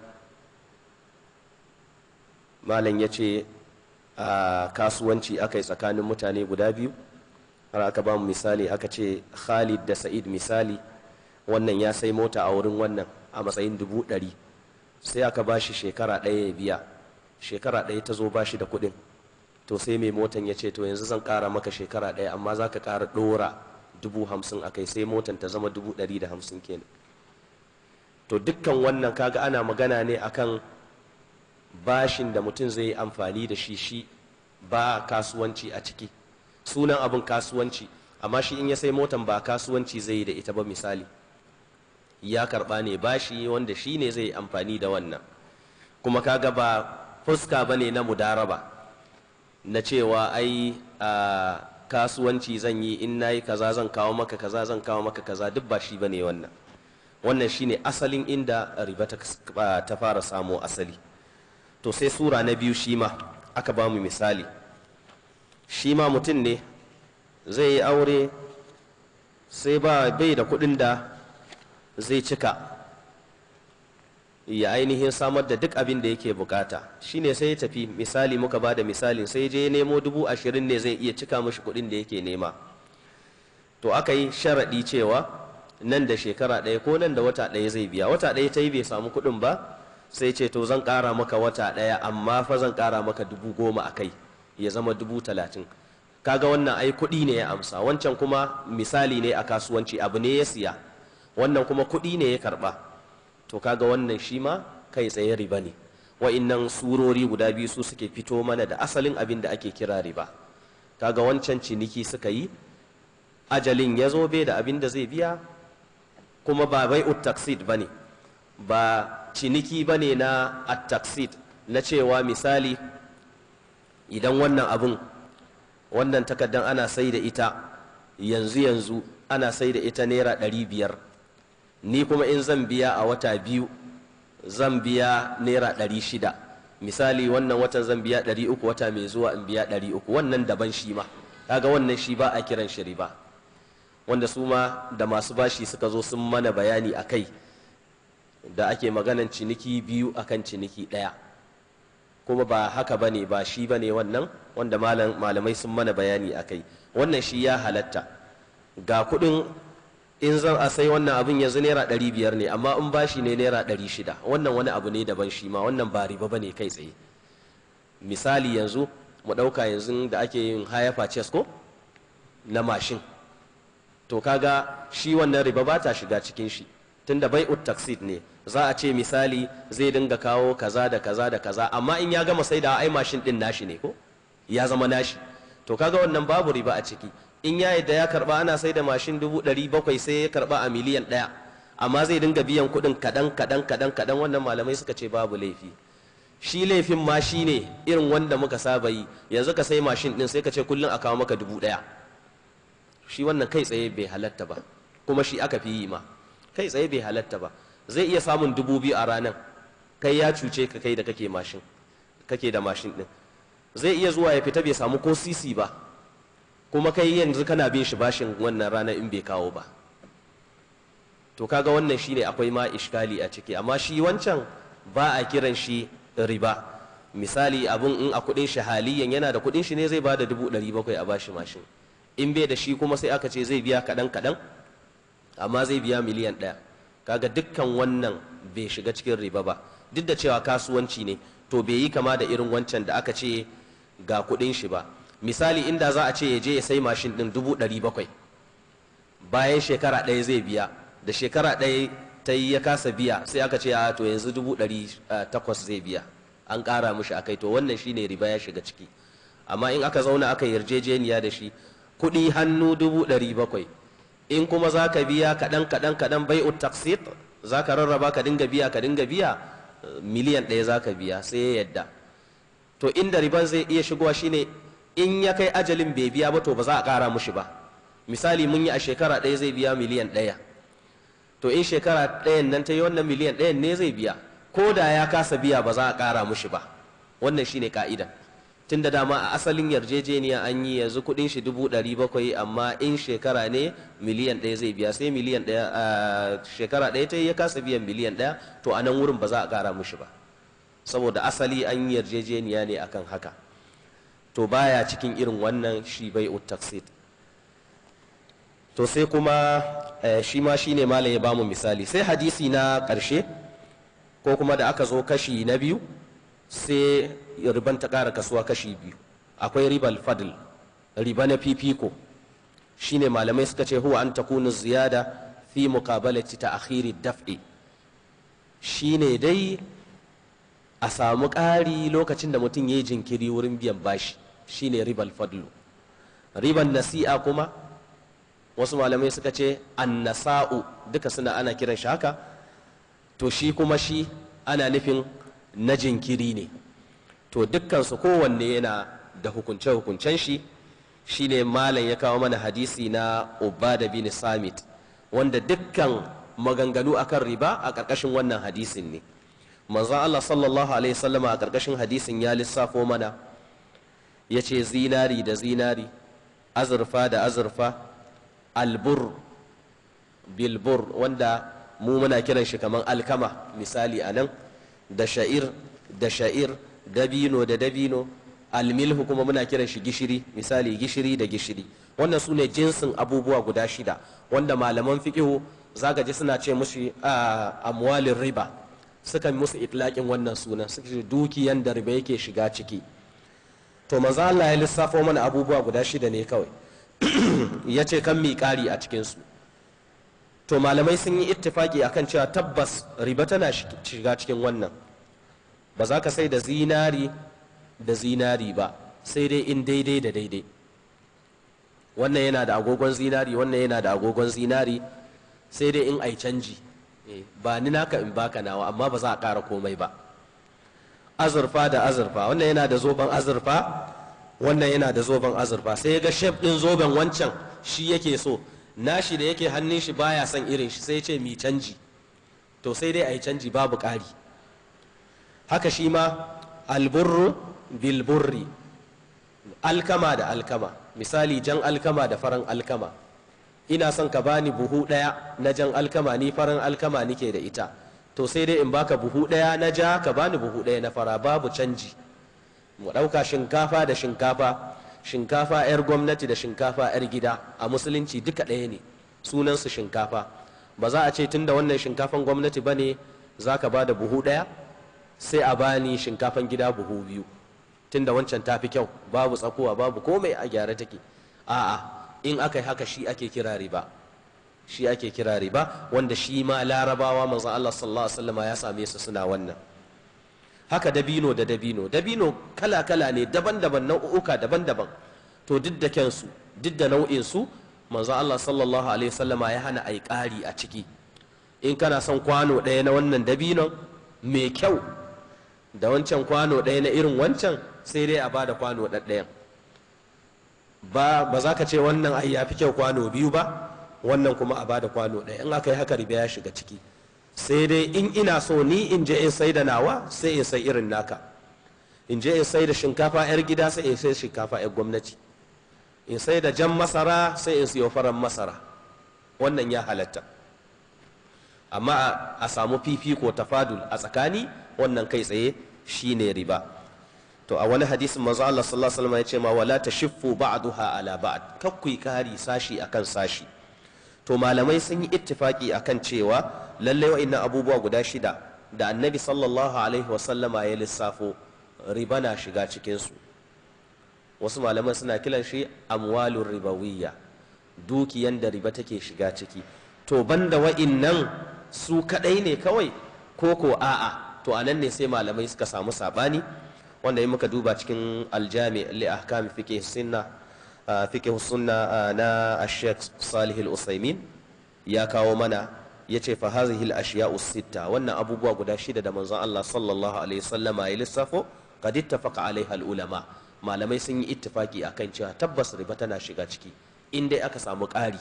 malam ya ce a kasuwanci aka yi tsakanin mutane guda biyu har aka ba misali aka ce khalid da sa'id misali wannan ya sai mota a wurin wannan a matsayin dubu ɗari sai aka ba shi shekara ɗaya ya biya shekara ɗaya ta zo ba shi da kuɗin to sai mai motan ya ce to yanzu zan ƙara maka shekara ɗaya amma za ka ƙara ɗora dubu hamsin a kai sai motan ta zama dubu ɗari da hamsin kenan to dukkan wannan kaga ana magana ne akan bashin da mutum zai yi amfani da shi shi ba kasuwanci a ciki sunan abin kasuwanci amma shi in ya sai motan ba kasuwanci zai yi da ita ba misali ya karba ne bashi wanda shi ne zai amfani da wannan kuma kaga ba fuska ba ne na mudaraba na cewa ai a kasuwanci zan yi in na yi kaza zan kawo maka kaza zan kawo maka kaza duk ba shi ne wannan wannan ne asalin inda riba ta fara samo asali to sai sura na biyu shi ma aka ba mu misali shi ma mutum ne zai yi aure sai ba bai da kuɗin da zai cika ya ainihin samar da duk abin da yake bukata ne sai ya tafi misali muka ba da misalin sai je nemo dubu ashirin ne zai iya cika mashi kuɗin da yake nema to aka yi sharaɗi cewa nan da shekara ɗaya ko nan da wata ɗaya zai biya wata ɗaya ta yi bai samu kuɗin ba sai ce to zan ƙara maka wata ɗaya amma fa zan ƙara maka dubu goma a kai ya zama dubu talatin kaga wannan ai kuɗi ne ya amsa wancan kuma misali ne a kasuwanci abu ne ya siya wannan kuma kuɗi ne ya karɓa to kaga wannan shi ma kai tsaye riba ne wa'innan surori guda biyu su suke fito mana da asalin abin da ake kira riba kaga wancan ciniki suka yi ajalin ya zo bai da abin da zai biya kuma ba bai taksid ba ne ba ciniki ba ne na ataksid na cewa misali idan wannan abin wannan takaddan ana sai da ita yanzu yanzu ana sai da ita naira ɗari biyar ni kuma in zan biya a wata biyu zan biya naira ɗari shida misali wannan watan zan biya ɗari uku wata mai zuwa in biya ɗari uku wannan daban shi ma kaga wannan shi ba a kiran shi riba wanda su ma da masu bashi suka zo sun mana bayani a kai da ake maganan ciniki biyu kan ciniki ɗaya kuma ba haka ba ne ba shi ba ne wannan wanda malamai sun mana bayani a kai wannan shi ya halatta ga kuɗin in zan a sai wannan abin yanzu naira ɗari biyar ne amma in bashi ne naira ɗari shida wannan wani abu ne daban shi ma wannan ba riba ba ne kai tsaye misali yanzu mu ɗauka yanzu da ake yin haya faces ko na mashin to kaga shi wannan riba ba ta shiga cikin shi tunda bai ut ne za a ce misali zai dinga kawo kaza da kaza da kaza amma in ya gama sai da ai mashin din nashi ne ko ya zama nashi to kaga wannan babu riba a ciki in ya yadda ya karba ana sai da mashin dubu ɗari bakwai sai ya karba a miliyan ɗaya amma zai dinga biyan kuɗin kaɗan kaɗan kaɗan kaɗan wannan malamai suka ce babu laifi shi laifin ma shi ne irin wanda muka saba yi yanzu ka sai mashin ɗin sai ka ce kullum a kawo maka dubu ɗaya shi wannan kai tsaye bai halatta ba kuma shi aka fi yi ma kai tsaye bai halatta ba zai iya samun dubu biyu a ranar kai ya cuce ka kai da kake mashin kake da mashin ɗin zai iya zuwa ya fita bai samu ko sisi ba kuma kai yanzu kana bin shi bashin wannan rana in bai kawo ba to kaga wannan shine akwai ma ishkali a ciki amma shi wancan ba a kiran shi riba misali abun in a kudin shi haliyan yana da kudin shi ne zai bada dubu ɗari bakwai a bashi mashin in bai da shi kuma sai aka ce zai biya kaɗan kaɗan amma zai biya miliyan ɗaya kaga dukkan wannan bai shiga cikin riba ba duk da cewa kasuwanci ne to bai yi kama da irin wancan da aka ce ga kudin shi ba misali inda za a ce ya je ya sai mashin ɗin dubu ɗari bakwai bayan shekara ɗaya zai biya da shekara ɗaya ta yi ya kasa biya sai aka ce a to yanzu dubu ɗari takwas zai biya an ƙara mushi akai to wannan shine riba ya shiga ciki amma in aka zauna aka yarjejeniya da shi kuɗi hannu dubu ɗari bakwai in kuma za ka biya kaɗan kaɗan kaɗan bai taksit za ka rarraba ka dinga biya ka dinga biya eh, miliyan ɗaya za ka biya sai ya yadda to inda riban zai iya shigowa shine in ya kai ajalin bai biya ba to ba za a ƙara mushi ba misali mun yi a shekara ɗaya zai biya miliyan ɗaya to in shekara ɗayan nan ta yi wannan miliyan ɗayan ne zai biya ko da ya kasa biya ba za a ƙara mushi ba wannan shine ka'ida tun da dama a asalin yarjejeniya an yi yanzu kuɗin shi dubu ɗari bakwai amma in shekara ne miliyan ɗaya zai biya sai miliyan ɗaya shekara ɗaya ta yi ya kasa biyan miliyan ɗaya to a nan wurin ba za a ƙara mushi ba saboda asali an yi yarjejeniya ne akan haka to baya cikin irin wannan shi bai taksit to sai kuma eh, shi ma shi ne malam ya bamu misali sai hadisi na karshe ko kuma da aka zo kashi na biyu sai riban ta ƙara kasuwa kashi biyu akwai ribal fadl riba na fifiko shi ne malamai suka ce huwa an ta takunu ziyada fi mukabalaci ta akhiri daf'i shi ne dai a samu ƙari lokacin da mutum ya yi jinkiri wurin biyan bashi shine ribal fadlu riban nasi'a kuma wasu malamai suka ce annasa'u duka suna ana kiran shi haka to shi kuma shi ana nufin na jinkiri ne to dukkansu kowanne yana da hukunce-hukuncen shi shine malam ya kawo mana hadisi na ubada bin samit wanda dukkan maganganu akan riba a ƙarƙashin wannan hadisin ne manzon Allah sallallahu alaihi wasallama a ƙarƙashin hadisin ya lissafo mana ya ce zinari da zinari azurfa da azurfa albur bilbur wanda mu muna kiran shi kaman alkama misali anan da sha'ir da sha'ir dabino da dabino almilhu kuma muna kiran shi gishiri misali gishiri da gishiri wannan su ne jinsin abubuwa guda shida wanda malaman fiqihu zaka ji suna ce mushi ah, amwalin riba suka musu itlaƙin wannan sunan suka ce dukiyan da riba yake shiga ciki to maza Allah ya lissafo mana abubuwa guda shida ne kawai (clears throat) ya ce kan miƙari a cikinsu to malamai sun yi ittifaki akan cewa tabbas riba tana shiga cikin wannan ba za ka sai da zinari da zinari ba sai dai in daidai da daidai wannan yana da agogon zinari wannan yana da agogon zinari sai dai in ai canji Eh, ba ni naka in baka nawa amma ba za a kara komai ba azurfa da azurfa wannan yana da zoben azurfa wannan yana da zoben azurfa sai ya ga shef ɗin zoben wancan shi yake so nashi da yake hannun shi baya son irin shi sai ce mi canji to sai dai a yi canji babu ƙari haka shi ma alburru bilburri alkama da alkama misali jan alkama da faran alkama ina son ka bani buhu ɗaya na jan alkama ni farin alkama nike da ita to sai dai in baka buhu ɗaya na ja ka bani buhu ɗaya na fara babu canji mu ɗauka shinkafa da shinkafa shinkafa 'yar gwamnati da shinkafa 'yar gida a musulunci duka ɗaya ne sunansu shinkafa ba za a ce tun da wannan shinkafan gwamnati ba ne za ka ba da buhu ɗaya sai a bani shinkafan gida buhu biyu tun da wancan tafi kyau babu tsakuwa babu komai a gyara take a'a in aka yi haka shi ake kira riba shi ake kira riba wanda shi ma larabawa manzon Allah sallallahu alaihi wasallam ya same su suna wannan haka dabino da dabino dabino kala kala ne daban-daban nau'uka daban-daban to duk da kyansu duk da nau'in su manzon Allah sallallahu alaihi wasallam ya hana ai ƙari a ciki in kana son kwano ɗaya na wannan dabinon mai kyau da wancan kwano ɗaya na irin wancan sai dai a bada kwano ɗaɗɗayan ba za ka ce wannan ai ya fi kyau kwano biyu ba wannan kuma a bada kwano ɗaya in aka yi haka riba ya shiga ciki sai dai in ina so ni in je in sai da nawa sai in sai irin naka in je in sai da shinkafa yar gida sai in sai shinkafa yar gwamnati in sai da jan masara sai in siyo farar masara wannan ya halatta amma a samu fifiko tafadul a tsakani wannan kai tsaye shine riba to a wani hadisin manzo Allah sallallahu alaihi wasallam ya ce ma wala tashiffu ba'daha ala ba'd kakku kari sashi akan sashi to malamai sun yi ittifaki akan cewa lalle wa'annan abubuwa guda shida da annabi sallallahu alaihi wasallam ya lissafo riba na shiga cikin su wasu malaman suna kiran shi amwalur ribawiyya dukiyan da riba take shiga ciki to banda wa'innan su kadai ne kawai ko ko a'a to anan ne sai malamai suka samu sabani wanda yin muka duba cikin aljami li ahkam fiqh sunna ah, fiqh ah, na Sheikh Salih Al-Usaimin ya kawo mana yace fa hadhihi al-ashya'u sitta wannan abubuwa guda shida da manzon Allah sallallahu alaihi wasallama ya lissafo qad ittafaqa alaiha al-ulama malamai sun yi ittifaki akan cewa tabbas riba tana shiga ciki in dai aka samu ƙari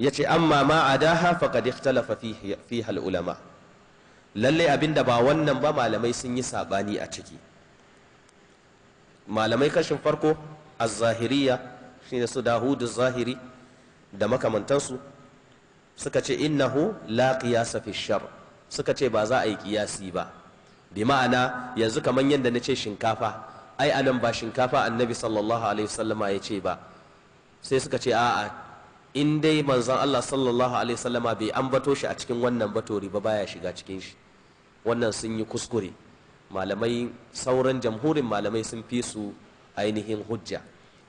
yace amma ma adaha faqad ikhtalafa fihi fiha al-ulama lallai abin da ba wannan ba malamai sun yi saɓani a ciki malamai kashin farko az-zahiriya shine su dahudu zahiri da makamantansu suka ce innahu la qiyasa fi shar suka ce ba za a yi kiyasi ba bi ma'ana yanzu kamar yadda na ce shinkafa ai anan ba shinkafa annabi sallallahu alaihi wasallama ya ce ba sai suka ce a'a in dai manzon Allah sallallahu alaihi wasallama bai ambato shi a cikin wannan batori ba baya shiga cikin shi wannan sun yi kuskure malamai sauran jamhurin malamai sun fi su ainihin hujja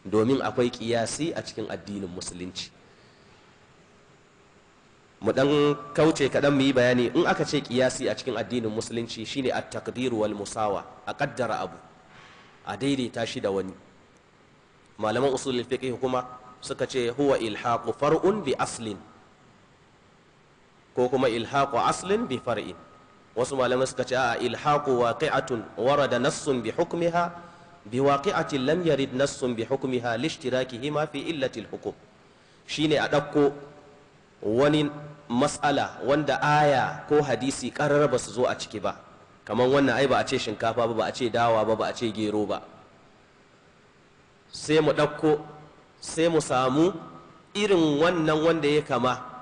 domin akwai kiyasi a cikin addinin musulunci mu dan kauce kaɗan mu yi bayani in aka ce kiyasi a cikin addinin musulunci shine at takdiru wal musawa a kaddara abu a daidaita shi da wani malaman usulul fiqh kuma suka ce huwa ilhaqu far'un bi aslin ko kuma ilhaqu aslin bi far'in wasu malamai suka ce a ilhaqu waqi'atun warada nassun bi hukmiha bi waqi'atin lam yarid nassun bi hukmiha hima fi illatil hukum shine a ɗakko wani matsala wanda aya ko hadisi karar ba su zo a ciki ba kamar wannan ai ba a ce shinkafa ba ba a ce dawa ba ba a ce gero ba sai mu ɗauko sai mu samu irin wannan wanda ya kama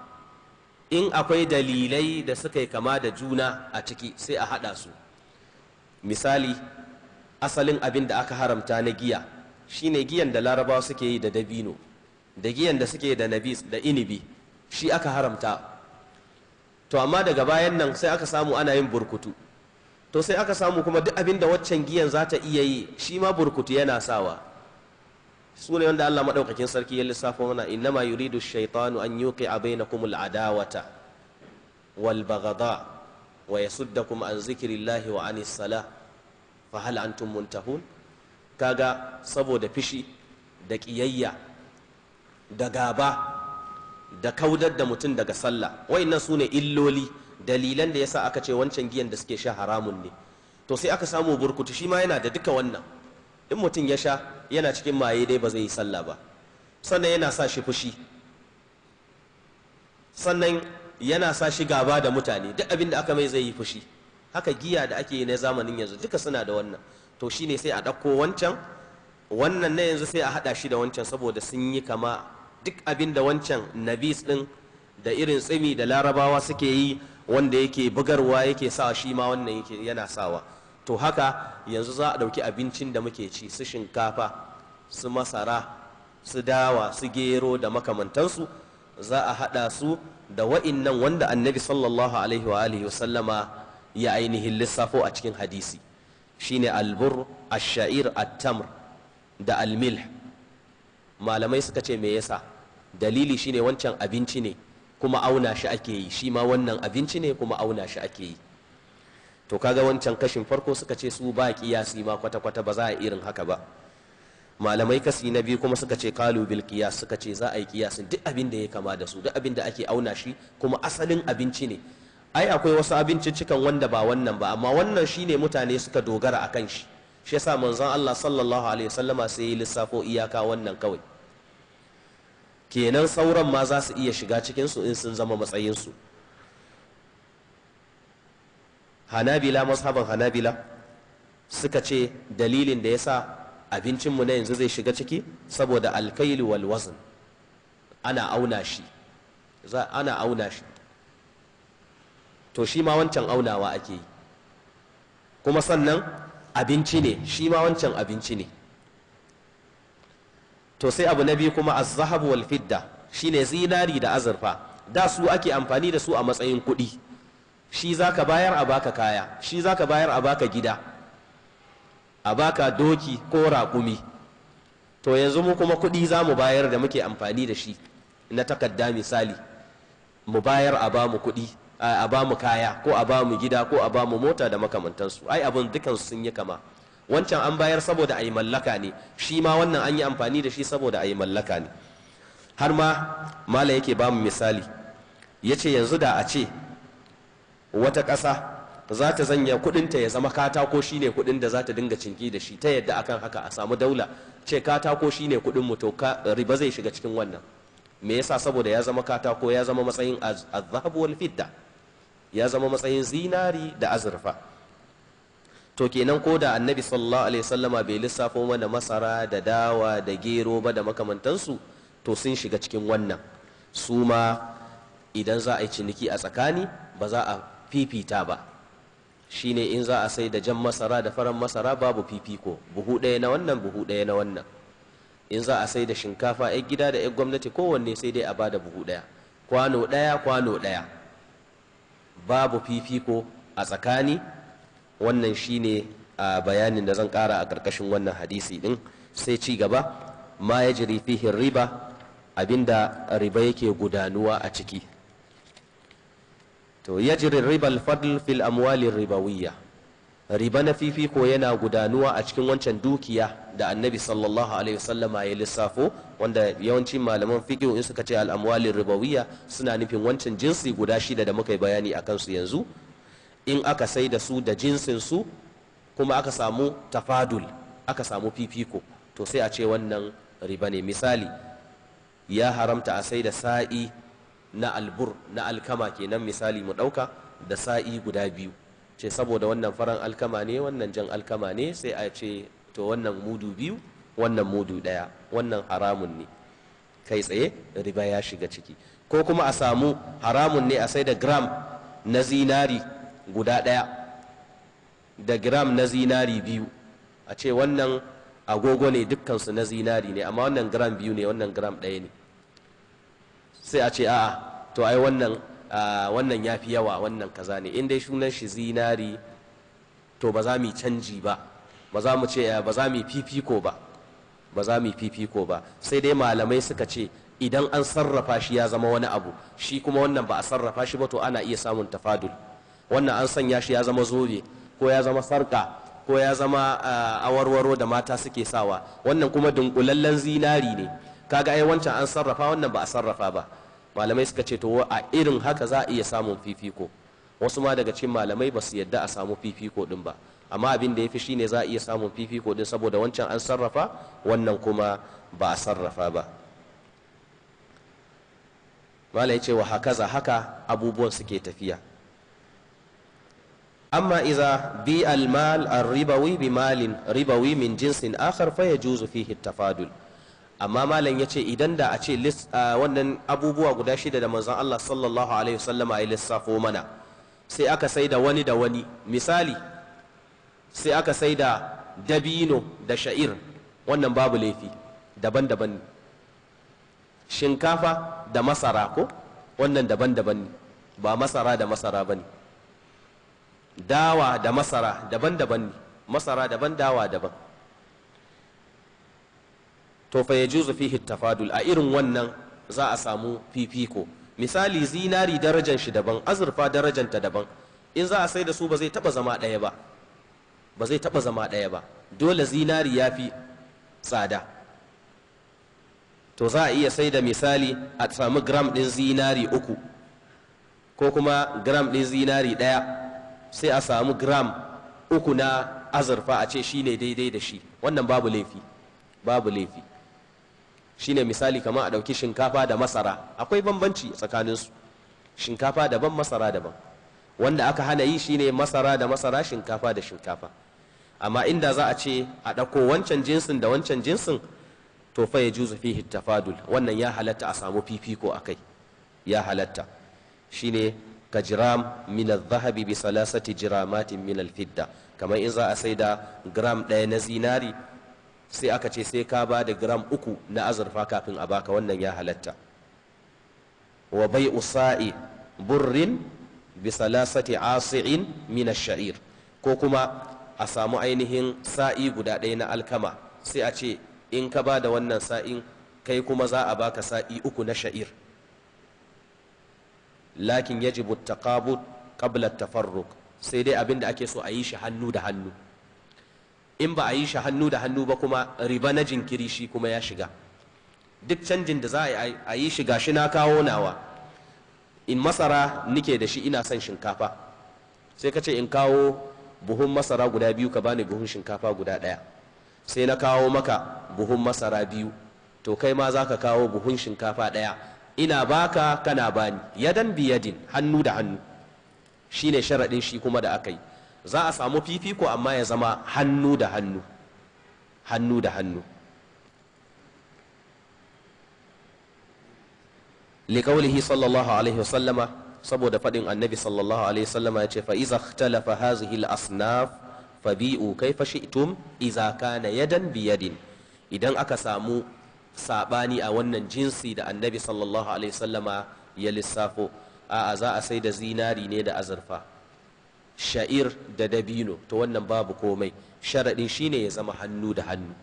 in akwai dalilai da suka yi kama da juna a ciki sai a haɗa su misali asalin abin da aka haramta na giya shine giyan da larabawa suke yi da dabino da giyan da suke yi da nabis da inibi shi aka haramta to amma daga bayan nan sai aka samu ana yin burkutu to sai aka samu kuma duk abin da waccan giyan za ta iya yi shi ma burkutu yana sawa su ne wanda Allah maɗaukakin sarki ya lissafa mana innama yuridu shaitanu an yuqi bainakum adawata wal baghada wa yasuddakum an zikrillahi wa anis salah fa hal antum muntahun kaga saboda fishi da kiyayya da gaba da kaudar da mutum daga sallah wayannan su ne illoli dalilan da yasa aka ce wancan giyan da suke sha haramun ne to sai aka samu burkutu shi ma yana da duka wannan in mutum ya sha yana cikin maye dai ba zai yi sallah ba sannan yana sa shi fushi sannan yana sa shi gaba da mutane duk abin da aka mai zai yi fushi haka giya da ake yi na zamanin yanzu duka suna da wannan to shine sai a ɗauko wancan wannan na yanzu sai a haɗa shi da wancan saboda sun yi kama duk abin da wancan nabis ɗin da irin tsimi da larabawa suke yi wanda yake bugarwa yake sa shi ma wannan yana sawa to haka yanzu za a ɗauki abincin da muke ci su shinkafa su masara su dawa su gero da makamantansu za a haɗa su da wa'innan wanda annabi sallallahu alaihi wa alihi sallama ya ainihin lissafo a cikin hadisi shine albur ash-sha'ir at-tamr da almil malamai suka ce me yasa dalili shine wancan abinci ne kuma auna shi ake yi shi ma wannan abinci ne kuma auna shi ake yi to kaga wancan kashin farko suka ce su ba kiyasi ma kwata-kwata ba za a irin haka ba malamai kasi na biyu kuma suka ce kalu bil kiyas suka ce za a yi kiyasin duk abin da ya kama da su duk abin da ake auna shi kuma asalin abinci ne ai akwai wasu abinciccikan wanda ba wannan ba amma wannan shine mutane suka dogara a kan shi shi yasa manzon Allah sallallahu alaihi wasallama sai ya lissafo iyaka wannan kawai kenan sauran ma za su iya shiga cikin su in sun zama matsayin su hanabila mazhaban hanabila suka ce dalilin da ya sa abincinmu na yanzu zai shiga ciki saboda alkailu wal ana auna shi ana auna shi to shi ma wancan aunawa ake yi kuma sannan abinci ne shi ma wancan abinci ne to sai abu na biyu kuma az-zahabu wal fidda shine zinari da azurfa da su ake amfani da su a matsayin kuɗi shi za ka bayar a baka kaya shi za ka bayar a baka gida a baka doki ko raƙumi to yanzu mu kuma kuɗi za mu bayar da muke amfani da shi na takarda misali mu bayar a bamu kuɗi a bamu kaya ko a bamu gida ko a bamu mota da makamantansu ai abin dukan sun yi kama wancan an bayar saboda a yi mallaka ne shi ma wannan an yi amfani da shi saboda a yi mallaka ne har ma mala yake bamu misali ya ce yanzu da a ce wata ƙasa za ta zanya kudinta ya zama katako shi ne kudin da za ta dinga cinki da shi ta yadda akan haka a samu daula ce katako shi ne kudin mu to riba zai shiga cikin wannan me yasa saboda ya zama katako ya zama matsayin azhabu wal fidda ya zama matsayin zinari da azurfa to kenan ko da annabi sallallahu alaihi wasallama bai lissafo mana masara da dawa da gero ba da makamantansu to sun shiga cikin wannan su ma idan za a yi ciniki a tsakani ba za a fifita ba shine in za a sai da jan masara da farar masara babu fifiko buhu ɗaya na wannan buhu ɗaya na wannan in za a sai da shinkafa 'yan gida da 'yan gwamnati kowanne sai dai a ba da buhu ɗaya kwano ɗaya kwano ɗaya babu fifiko a tsakani wannan shine a bayanin da zan ƙara a ƙarƙashin wannan hadisi ɗin sai ci gaba ma ya jiri fihin riba abinda riba yake gudanuwa a ciki to yajri ribal fadl fil amwali ribawiyya riba na fifiko yana gudanuwa a cikin wancan dukiya da annabi sallallahu alaihi wasallama ya lissafo wanda yawanci malaman fiqh in suka ce al amwali ribawiyya suna nufin wancan jinsi guda shida da muka yi bayani akan su yanzu in aka sai da su da jinsin su kuma aka samu tafadul aka samu fifiko to sai a ce wannan riba ne misali ya haramta a sai da sa'i na albur na alkama kenan misali mu ɗauka da sa'i guda biyu ce saboda wannan faran alkama ne wannan jan alkama ne sai a ce to wannan mudu biyu wannan mudu ɗaya wannan haramun ne kai tsaye riba ya shiga ciki ko kuma a samu haramun ne a sai da gram na zinari guda ɗaya da gram na zinari biyu a ce wannan agogo ne dukkansu na zinari ne amma wannan gram biyu ne wannan gram ɗaya ne sai a ce a'a to ai wannan wannan ya fi yawa wannan kaza ne in dai sunan shi zinari to ba za mu canji ba ba za mu ce ba za mu fifiko ba ba za mu fifiko ba sai dai malamai suka ce idan an sarrafa shi ya zama wani abu shi kuma wannan ba a sarrafa shi ba to ana iya samun tafadul wannan an sanya shi ya zama zobe ko ya zama sarka ko ya zama awarwaro da mata suke sawa wannan kuma dunkulallen zinari ne kaga ai wancan an sarrafa wannan ba a sarrafa ba malamai suka ce to a irin haka za a iya samun fifiko wasu ma daga cikin malamai ba su yadda a samu fifiko din ba amma abin da ya fi ne za a iya samun fifiko din saboda wancan an sarrafa wannan kuma ba a sarrafa ba malai ce wa hakaza haka abubuwan suke tafiya amma iza bi almal arribawi bi malin ribawi min jinsin akhar fa yajuzu fihi tafadul amma malam ya ce idan da a ce wannan abubuwa guda shida da manzon Allah sallallahu alaihi wasallama ya lissafo mana sai aka sai da wani da wani misali sai aka sai da dabino da sha'ir wannan babu laifi daban-daban ne shinkafa da masara ko wannan daban-daban ne ba masara da masara ba ne dawa da masara daban-daban ne masara daban dawa daban to fa juzu fihi tafadul a irin wannan za a samu fifiko misali zinari darajar shi daban azurfa darajan ta daban in za a sai da su ba zai taba zama ɗaya ba ba zai taba zama ɗaya ba dole zinari ya fi tsada to za a iya sai da misali a sami gram ɗin zinari uku ko kuma gram ɗin zinari ɗaya sai a samu gram uku na azurfa a ce shi ne daidai da shi wannan babu laifi babu laifi shine misali kamar a ɗauki shinkafa da masara akwai bambanci tsakaninsu shinkafa daban masara daban wanda aka hana yi shine masara da masara shinkafa da shinkafa amma inda za a ce a ɗauko wancan jinsin da wancan jinsin to fa ya juzu fihi tafadul wannan ya halatta a samu fifiko kai ya halatta shine ka jiram min adh-dhahabi bi salasati jiramatin min alfidda fidda kamar in za a sai da gram ɗaya na zinari sai aka ce sai ka ba da gram uku na azurfa kafin a baka wannan ya halatta wa bai usa'i burrin bisalasati asi'in mina sha'ir ko kuma a samu ainihin sa'i guda ɗaya na alkama sai a ce in ka ba da wannan sa'in kai kuma za a baka sa'i uku na sha'ir lakin yajibu taqabud qabla tafarruq sai dai abinda ake so a yi shi hannu da hannu in ba a yi shi hannu da hannu ba kuma riba na jinkiri shi kuma ya shiga duk canjin da za a yi shiga shi na kawo nawa in masara nike da shi ina son shinkafa sai ka ce in kawo buhun masara guda biyu ka bani buhun shinkafa guda ɗaya sai na kawo maka buhun masara biyu to kai ma za ka kawo buhun shinkafa ɗaya ina baka kana bani yadan biyadin hannu da hannu shine sharaɗin shi kuma da aka yi za a samu fifiko amma ya zama hannu da hannu hannu da hannu liƙaulihi sallallahu alaihi wasallama saboda faɗin annabi sallallahu alaihi wasallama ya ce fa iza ikhtalafa hazihi al-asnaf fabi'u kaifa shi'tum iza kana yadan biyadin idan aka samu saɓani a wannan jinsi da annabi sallallahu alaihi wasallama ya lissafo a'a za a sai da zinari ne da azurfa sha'ir da dabino to wannan babu komai shi shine ya zama hannu da hannu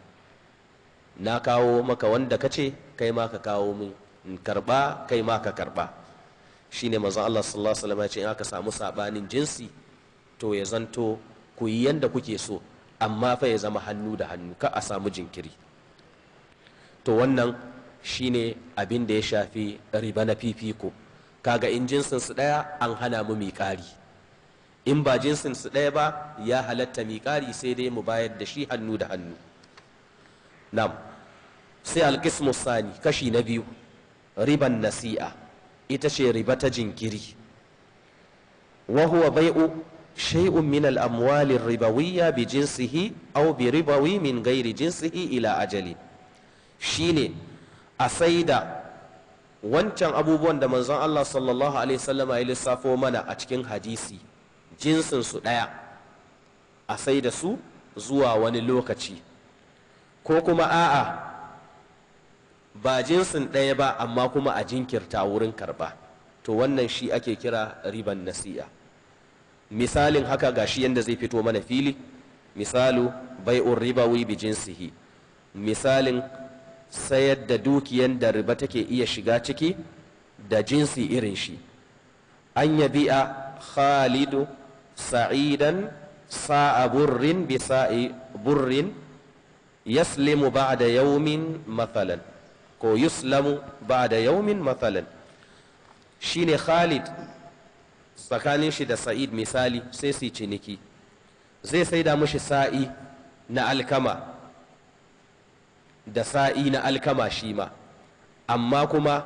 na kawo maka wanda ka ce kai ma ka kawo min in karɓa kai ma ka karɓa shine manzon Allah sallallahu alaihi ya ce in aka samu sabanin jinsi to ya zanto ku yi yanda kuke so amma fa ya zama hannu da hannu ka a samu jinkiri to wannan shine abin da ya shafi riba na fifiko kaga in jinsin su daya an hana mu miƙari in ba jinsin su ɗaya ba ya halatta miƙari sai dai mu bayar da shi hannu da hannu nam sai alƙismu sani kashi na biyu riban nasi'a ita ce riba ta jinkiri wa huwa bai'u shay'un min al-amwali ribawiyya bi jinsihi aw bi ribawi min ghairi jinsihi ila ajali shine a saida wancan abubuwan da manzon Allah sallallahu alaihi wasallama ya lissafo mana a cikin hadisi jinsin su ɗaya a sai da su zuwa wani lokaci ko kuma a'a ba jinsin ɗaya ba amma kuma a jinkirta wurin karba to wannan shi ake kira riban nasi'a misalin haka ga shi yadda zai fito mana fili misalu bai'ur ribawi bi jinsihi misalin sayar da dukiyan da riba take iya shiga ciki da jinsi irin shi an yabi'a khalidu sa'idan sa'a burrin bi sa'i burrin yaslimu ba'da yawmin mathalan ko yuslamu ba'da yawmin mathalan shine Khalid tsakanin shi da Sa'id misali sai su ciniki zai saida mushi sa'i na alkama da sa'i na alkama shi ma amma kuma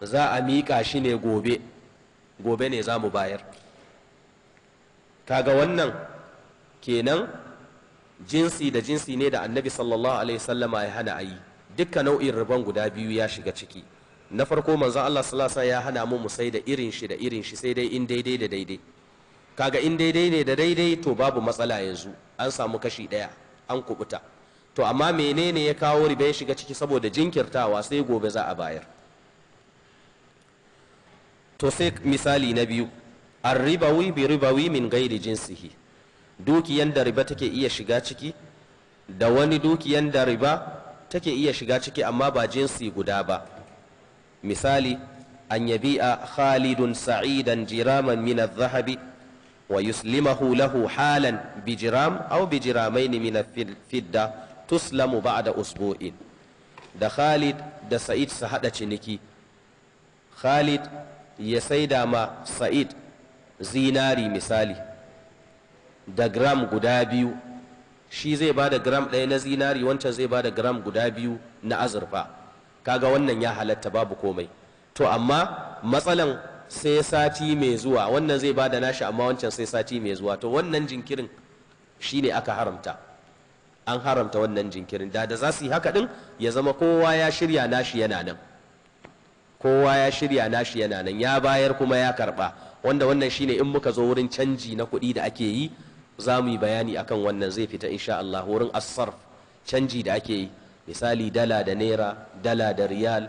za a miƙa shi ne gobe gobe ne za mu bayar kaga wannan kenan jinsi da jinsi ne da annabi sallallahu alaihi sallama ya hana a yi dukkan nau'in riban guda biyu ya shiga ciki na farko manzon Allah sallallahu ya hana mu mu sai da irin shi da irin shi sai dai in daidai da daidai kaga in daidai ne da daidai to babu matsala yanzu an samu kashi daya an kubuta to amma menene ya kawo riba ya shiga ciki saboda jinkirtawa sai gobe za a bayar to sai misali na biyu arribawi bi ribawi min gairi jinsihi dukiyan da riba take iya shiga ciki da wani dukiyan da riba take iya shiga ciki amma ba jinsi guda ba misali an a khalidun sa'idan jiraman min zahabi wa yuslimahu lahu halan bijiram aw bijiramaini min fidda tuslamu ba'da usbu'in da khalid da sa'id su hada ciniki khalid ya saida ma sa'id zinari misali da gram guda biyu shi zai ba da gram ɗaya na zinari wancan zai ba da gram guda biyu na azurfa kaga wannan ya halatta babu komai to amma matsalan sai sati mai zuwa wannan zai ba da nashi amma wancan sai sati mai zuwa to wannan jinkirin shi ne aka haramta an haramta wannan jinkirin da da za su yi haka ɗin ya zama kowa ya shirya nashi yana nan kowa ya shirya nashi yana nan ya bayar kuma ya karɓa wanda wannan shine in muka zo wurin canji na kuɗi da ake yi za mu yi bayani akan wannan zai fita insha Allah wurin asarf canji da ake yi misali dala da naira dala da riyal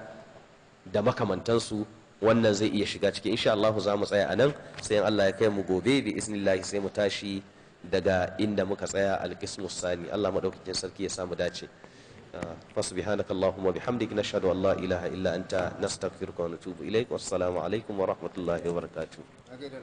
da makamantansu wannan zai iya shiga ciki insha Allah za mu tsaya anan sai in Allah ya kai mu gobe bi isnillahi sai mu tashi daga inda muka tsaya alqismus sani Allah madaukakin sarki ya samu dace فسبحانك اللهم وبحمدك نشهد أن لا إله إلا أنت نستغفرك ونتوب إليك والسلام عليكم ورحمة الله وبركاته